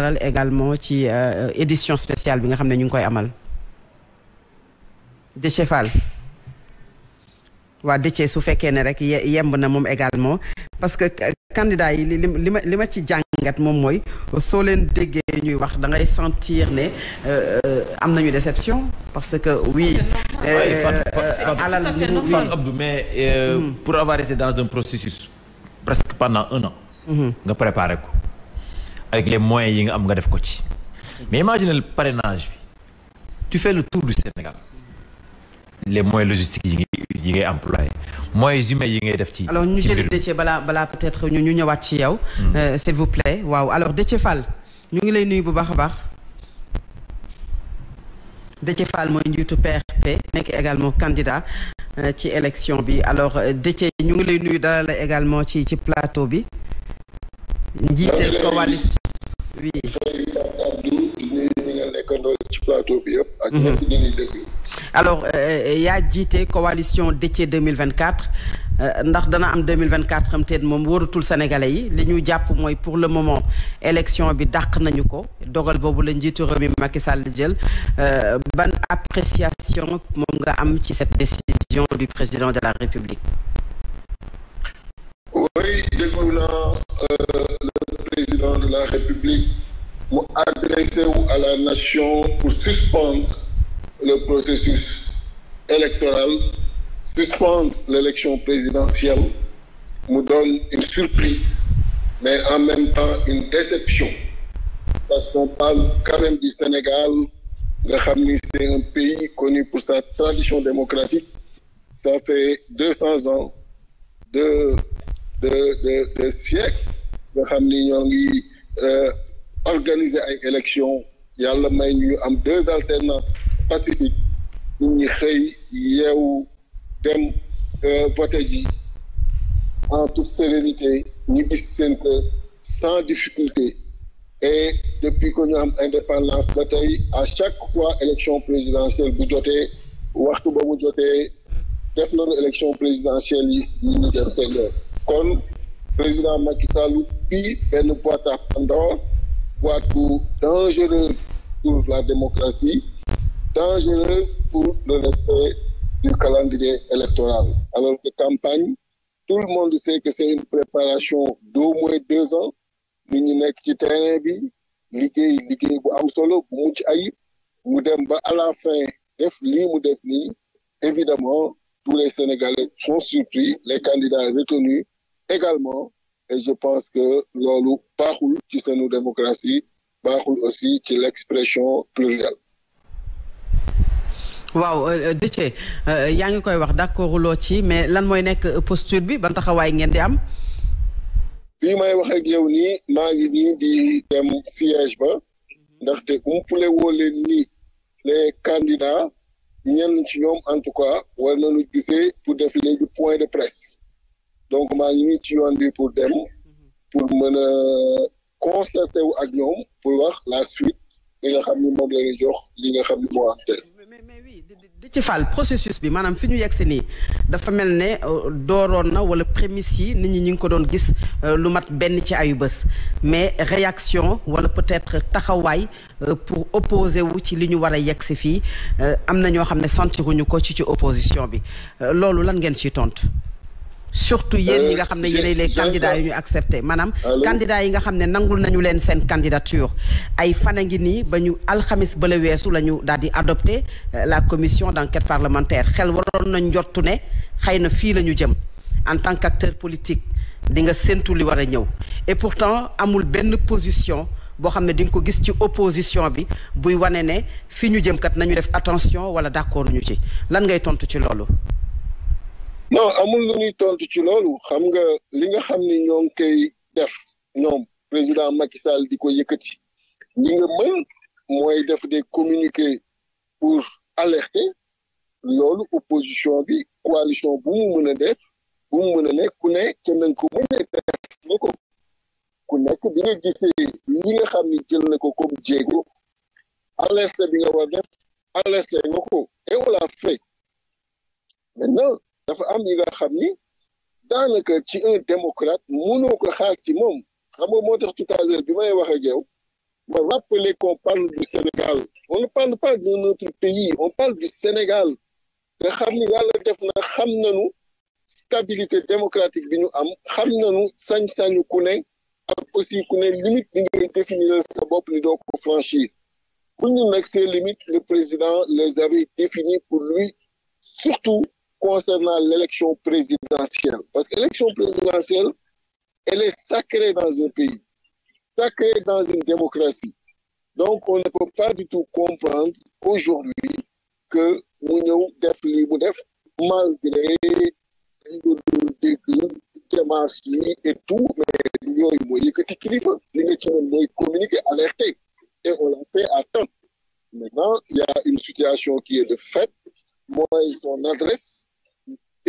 dalal également ci euh, euh, édition spéciale bi nga xam ne ñu ngi koy amal Déthié waa Déthié su fekkee ne rek yemb na moom également parce que candidat yi li li ma li ma ci jàngat moom mooy soo leen déggee ñuy wax da ngay sentir ne euh, am nañu déception parce que oui alal Fan Abdou hmm. pour avoir été dans un processus presque pendant un an hmm. nga préparé ko avec les moyens yi nga am nga def ko ci mais imagine le parrainage bi tu fais le tour du Sénégal les moyens logistiques yi ngay yi ngay moyens humains yi ngay def ci. alors ñu jëli Déthié balaa balaa ñu ñu ñëwaat ci yow. Hmm. Euh, s'il vous plaît waaw alors Déthié Fall ñu ngi lay nuyu bu baax a baax. Déthié Fall mooy njiitu PRP nekk également candidat euh, ci élection bi alors euh, Déthié ñu ngi lay nuyu dalal la également ci ci plateau bi. njiital coalition oui fay Pape Abdou di nuyu ñi nga nekkandoo ci plateau bi mhm. alors euh, euh, yaa jiite coalition Déthié euh, ndax dana am 2024 xam te moom wóorutul sénégalais yi li ñu jàpp mooy pour le moment élection bi dàq nañu ko dogal boobu la njiitu réew mi Macky Sall jël ban appréciation moom nga am ci cette décision du président de la République. Euh, le président de la République mu à la nation pour suspendre le processus électoral suspendre l'élection présidentielle mu donne une surprise mais en même temps une déception parce qu'on parle quand même du Sénégal nga xam ni c'est un pays connu pour sa tradition démocratique ça fait ans de de de de nga xam ni ñoo ngi euh, organiser ay élections yàlla may ñu am deux alternances pacifiques nit ñi xëy yeewu dem euh, voté ji en toute sérénité ñu gis seen que sans difficulté et depuis que ñu am indépendance ba tey à chaque fois élection présidentielle bu jotee waxtu ba mu jotee def nañu élection présidentielle yi ñu dem kon président Macky Sall fii benn boîte à Pandore boîte bu pour la démocratie dangereuse pour le respect du calendrier électoral alors que campagne tout le monde sait que c'est une préparation d'au moins deux ans nit ñi nekk ci terrain bi liggéey liggéey bu mu dem ba à la fin def lii mu def nii évidemment tous les Sénégalais sont surpris les candidats retenus également et je pense que loolu baaxul ci sunu démocratie baaxul aussi ci l'expression plurielle waaw euh, euh, Déthié euh, yaa ngi koy wax d'accord ci mais lan mooy nekk posture bi ban taxawaay ngeen di am fii may wax ak yow nii maa ngi nii di dem siège ba ndaxte umpule woo leen ni les candidats ñenn ci ñoom en tout cas war nañu gisee pour def léegi point de presse donc maa ngi nii ci yoon bi pour dem pour mën a concerté ak ñoom pour wax la suite li nga xam ni moom la jox li nga xam ni moo am tey di ci fal processus bi maanaam fi ñu yegg si nii dafa mel ne euh, dooroon na wala prémices yi nit ñi ñu ngi ko doon gis euh, lu mat benn ci ayu bés mais réaction wala peut-être taxawaay euh, pour opposer wu ci li ñu war a yegg si fii am na ñoo xam ne sentiruñu ko ci ci opposition bi loolu lan ngeen ci tontu. surtout yéen yi nga xam ne euh, yéenay les candidats yi ñu accepté maanaam candidats yi nga xam ne nangul nañu leen seen candidature ay fan a ngi nii ba ñu alxamis ba la weesu la ñu daal di adopté euh, la commission d'enquête parlementaire xel waroon nañ njottu ne xëy na fii la ñu jëm en tant qu'acteur politique dinga nga li war a ñëw et pourtant amul benn position boo xam ne di nga ko gis ci opposition bi buy wane ne fi ñu jëmkat kat nañu def attention wala d'accord ñu ci lan ngay tontu ci loolu non amul lu ñuy tontu ci loolu xam nga li nga xam ni ñoo ngi koy def ñoom président Macky Sall di ko yëkkati li nga mën mooy def des communiqués pour alerter loolu opposition bi coalition bu mu mën a def bu mu mën a nekk ku ne te nañ ko mën a def ne ko ku nekk bi nga gisee li nga xam ni jël na ko comme jéego alerte bi nga war def alerte nga ko et on l'a fait maintenant dafa am yi nga xam ni daanaka ci un démocrate mënoo ko xaar ci moom xam moo tax tout à l'heure bi may wax ak yow ma rappeler qu'on parle du Sénégal on ne parle pas de notre pays on parle du Sénégal nga xam ni yàlla def na xam nañu stabilité démocratique bi ñu am xam nañu sañ-sañu ku ne ak aussi ku ne limite bi ngay définir sa bopp ni doo ko franchir pour ñun nag ces limites le président les avait définies pour lui surtout concernant l'élection présidentielle. Parce que l'élection présidentielle, elle est sacrée dans un pays, sacrée dans une démocratie. Donc, on ne peut pas du tout comprendre aujourd'hui que nous def li mu def malgré ñu dégg démarche yi et tout mais yooyu mooy yëkkati kilifa li nga ci mën mooy communiquer et on l'a fait à maintenant il y a une situation qui est de fait mooy son adresse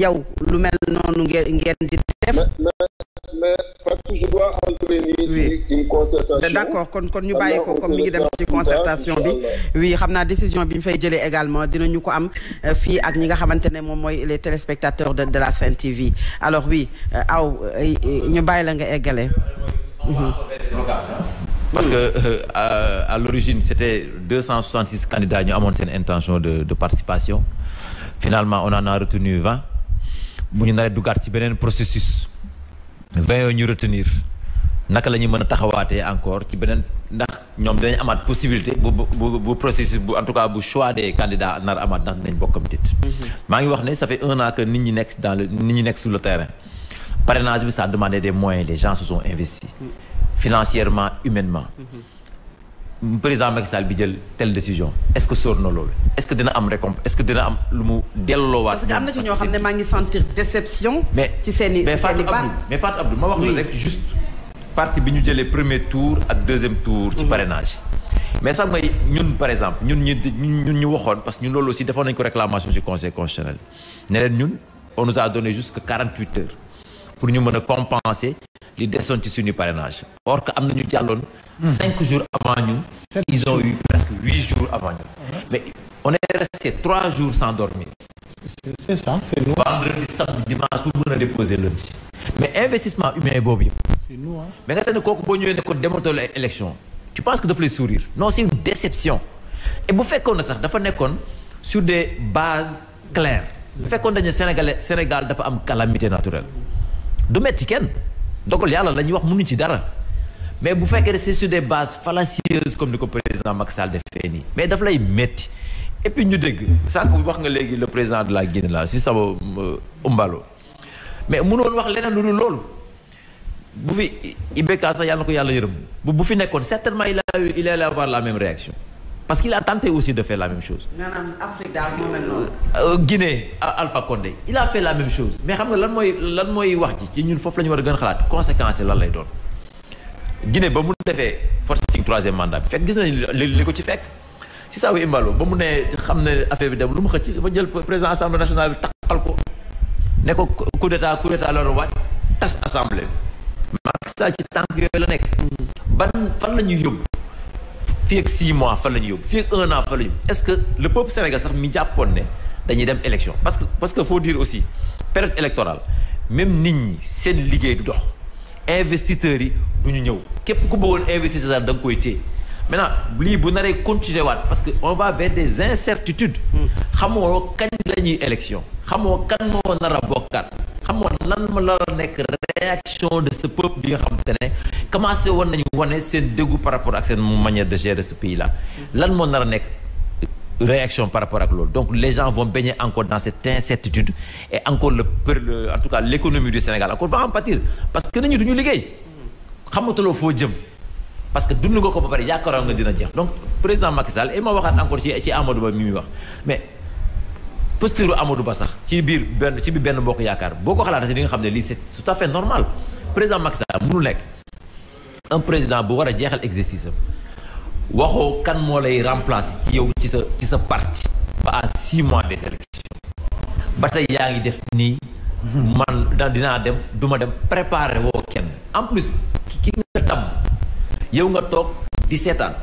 yow lu mel noonu ngeen ngeen di def. mais kon kon ñu bàyyi ko comme mi ngi dem ci concertation bi. oui xam naa décision bi ñu fay jële également dinañu ko am euh, fii ak ñi nga xamante ne moom mooy les téléspectateurs de de la Sen TV alors oui euh, aw euh, ñu bàyyi la nga eggale. Mhm. parce que euh, à, l'origine c'était deux cent soixante-six candidats ñu amoon seen intention de participation. finalement on en a retenu vingt bu ñu naree duggaat ci beneen processus vingt ñu retenir naka la ñuy mën a taxawaatee encore ci beneen ndax ñoom dinañ amaat possibilité bu bu bu processus bu en tout cas bu choix des candidats nar amaat ndax dinañ bokkam dit mm-hmm. maa ngi wax ne ça fait un an que nit ñi nekk dans le nit ñi nekk sur le terrain parrainage bi ça demandait des moyens les gens se sont investis mm-hmm. financièrement humainement mm-hmm. président Macky Sall bi jël telle décision est-ce que sóor na loolu est-ce que dina am récompense am lu mu delloowaat. ñoo xam ne maa ngi sentir déception. ci seen i parti bi ñu jëlee premier tour ak deuxième tour. ci mhm. parrainage. mais sax may ñun par exemple ñun ñi ñun ñu waxoon parce que ñun loolu aussi defoon nañu ko réclamation ci conseil constitutionnel ne leen ñun on nous a donné jusque quarante huit heures pour ñu mën a compenser li desoon ci suñu parrainage or que am na ñu jàlloon. cinq jours avant nous, ils ont eu presque huit jours avant nous. Mais on est resté trois jours sans dormir. C'est ça, dimanche pour mën a déposer lundi. Mais investissement humain boobu yëpp. C'est nous hein. Mais nga xam ne kooku boo ñëwee ne ko démontol élection. Tu penses que daf lay sourire. Non, c'est une déception. bu fekkoon na sax dafa nekkoon sur des bases claires. bu fekkoon dañu Sénégal Sénégal dafa am calamité naturelle. du metti kenn dogal yàlla la ñuy wax mënuñ ci dara. mais bu fekkee ne c'est sur des bases fallacieuses comme ni ko président Macky Sall defee nii mais daf lay métti et puis ñu dégg sànq wax nga léegi le président de la Guinée là si sama euh, Umbalo mais mënoon wax leneen lu dul loolu bu fi IBK sax yàlla na ko yàlla yërëm bu bu fi nekkoon certainement il a il allait avoir la même réaction parce qu'il a tenté aussi de faire la même chose. maanaam Afrique daal moo mel noonu. Euh, Guinée Alpha Condé il a fait la même chose mais xam nga lan mooy lan mooy wax ji ci ñun foofu la ñu war a gën xalaat lan lay doon. Guinée ba mu defee forcing troisième mandat bi fekk gis nañ li ko ci fekk si saa yu ba mu ne xam ne affaire bi dem lu ma mu xëcc ma jël président assemblée nationale bi takkal ko ne ko coup d'état tas assemblée bi Macky Sall ci tànk yooyu la nekk ban fan la ñuy yóbbu fii ak six mois fan la ñuy yóbbu fii ak un an fan la ñuy yóbbu est-ce que le peuple Sénégal sax mi jàppoon ne dañuy dem élection parce que parce que faut dire aussi période électorale même nit ñi seen liggéey du dox investisseurs yi du ñu ñëw képp ku bëggoon investir da nga koy téye maintenant lii bu naree continuer parce que on va vers des xamoo kañ la élection xamoo kan moo nar a xamoo lan ma nar a nekk réaction de ce peuple bi nga xam te ne commencé woon nañu wane seen dégoût par rapport ak seen manière de gérer ce pays là lan moo nar a nekk réaction par rapport ak loolu donc les gens vont baigner encore dans cette incertitude et encore le en tout cas l'économie du Sénégal en xamatuloo foo jëm parce que dund nga ko ba pare yaakaaroon nga dina jeex donc président Macky il ma waxaat encore ci ci Amadou Ba mi muy wax mais posture Amadou Ba sax ci biir benn ci biir benn bokk yaakaar boo ko xalaatee di nga xam ne lii c'est tout à fait normal président Macky Sall mënul nekk un président bu war a jeexal exercice am waxoo kan moo lay remplacer ci yow ci sa ci sa parti ba à six mois des élections ba tey yaa ngi def nii man da dinaa dem du ma dem préparer woo kenn en plus ki nga tam yow nga toog di seetaan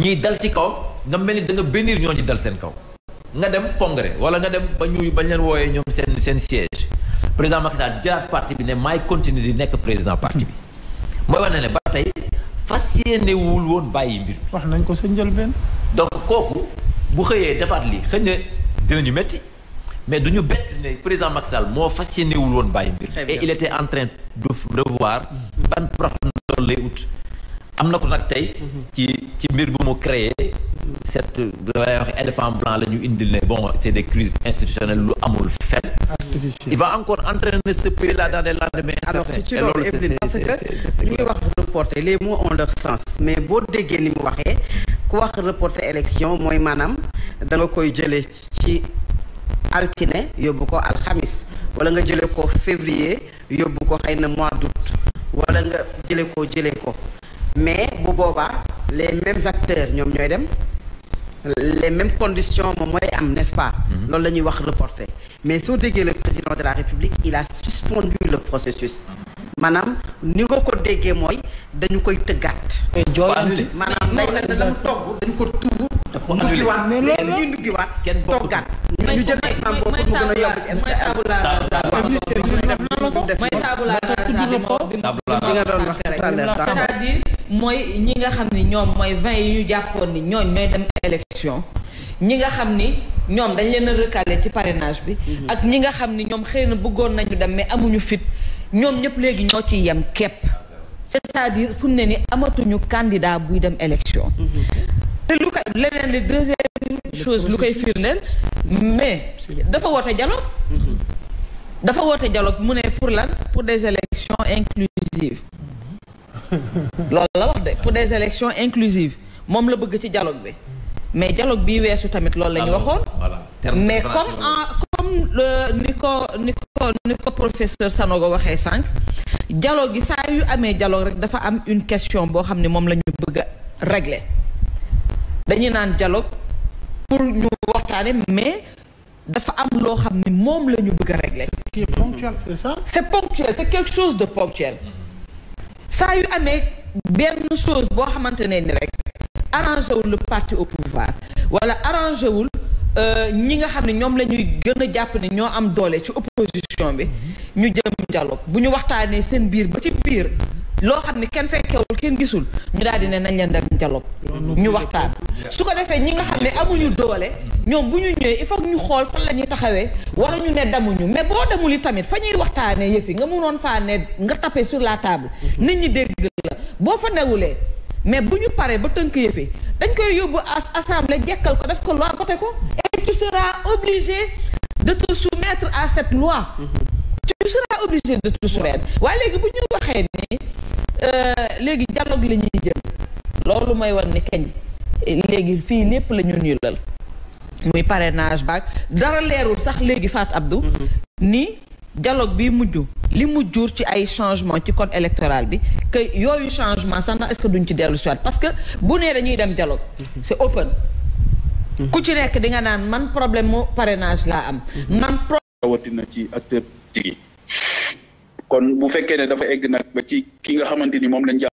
ñiy dal ci kaw nga mel ni da nga bénir ñoo ñi dal seen kaw nga dem congrès wala nga dem ba ñuy bañ leen wooyee ñoom seen seen siège président Macky Sall jëlaat parti bi ne maay continuer di nekk président parti bi mooy wax ne ne ba tey fas yéenewul woon bàyyi bi wax nañ ko sa njëlbeen donc kooku bu xëyee defaat lii xëy dina ñu metti mais du ñu bett ne président Macky moo fas yéene woon bàyyi mbir. et il était en train de voir. ban profondeur lay ut. am na ko nag tey. ci ci mbir bu mu créé. cette lay wax éléphant blanc la ñu indil ne bon c' est des crises institutionnelles lu amul fenn. il va encore entraîner ce pays là dans les lendemains. alors ci loolu Evelyne parce que ñuy wax reporter les mots ont leur sens mais boo déggee ni mu waxee ku wax reporter élection mooy maanaam da koy jëlee ci. altine yóbbu ko alxamis wala nga jëlee ko février yóbbu ko xëy na mois d'août wala nga jële ko jëlee ko mais bu boobaa les mêmes acteurs ñoom ñooy dem les mêmes condition moom mooy am nest pas mm-hmm. loolu la ñuy wax reporter mais soo déggee le président de la République il a suspendu le processus mm-hmm. maanaam ni nga ko déggee mooy dañu koy tëggaat maanaam tey nag la mu togg dañu ko tuub nduggiwaat dañuy nduggiwaat toggaat ñu jël exemple boobu pour mu gën a mooy bi mooy ñi nga xam ni ñoom mooy vingt yi ñu jàppoon ni ñooñ ñooy dem élection ñi nga xam ni ñoom dañ leen a ci parrainage bi mhm. ak ñi nga xam ni ñoom xëy na bëggoon nañu dem mais amuñu fit ñoom ñëpp léegi ñoo ci yem képp cest à fu ne ni amatuñu candidat buy dem élection mhm. te lu koy leneen li deuxième chose lu koy firndeel mais dafa woote dialogue dafa woote dialogue mu ne pour lan pour des élections inclusives loolu la wax de pour des élections inclusives moom la bëgg ci dialogue bi mais dialogue bi weesu tamit loolu la ñu waxoon mais comme comme euh, ni ko ni ko ni ko professeur Sanogo waxee sànq dialogue gi saa yu amee dialogue rek dafa am une question boo xam ne moom la ñu bëgg a régler dañuy naan dialogue pour ñu waxtaane mais dafa am loo xam ne moom la ñu bëgg a régler. c'est qui est ponctuel c'est ça. c'est ponctuel c'est de ponctuel saa yu amee benn chose boo xamante ne rek arrangé wul le parti au pouvoir wala arrangé wul euh, ñi nga xam ne ñoom la ñuy gën a jàpp ne ñoo am doole ci opposition bi ñu jëm dialogue bu ñu waxtaanee seen biir ba ci biir. loo xam ne kenn fekkewul kenn gisul ñu daal di ne nañ leen dem dialogue ñu waxtaan su ko defee ñi nga xam ne amuñu doole ñoom bu ñu ñëwee il faut ñu xool fan la ñuy taxawee wala ñu ne damuñu mais boo demul yi tamit fa ñuy waxtaanee yëf yi nga mënoon faa ne nga tapé sur la table mm-hmm. nit ñi dégg la boo fa newulee mais bu ñu paree ba tënk yëf dañ koy yóbbu as assemblée jekkal ko def ko loi voté ko et tu seras obligé de te soumettre à cette loi mm-hmm. tu seras obligé de tout faire waaye léegi bu ñu waxee ne euh, léegi dialogue la ñuy jëm loolu mooy war ni kañ léegi fii népp la ñu ñuulal muy parenage baag dara leerul sax léegi Fat Abdou mhm. ni jaloog bi mujj li mu jur ci ay changement ci code électoral bi que yooyu changement sax ndax est duñ ci dellu si parce que bu nee dañuy dem dialogue mhm. c'est open mhm. ku ci nekk di nga naan man problème mu parenage laa am man rawatina ci acteur tigi kon bu fekkee ne dafa egg nag ba ci ki nga xamante ni moom lañ jàpp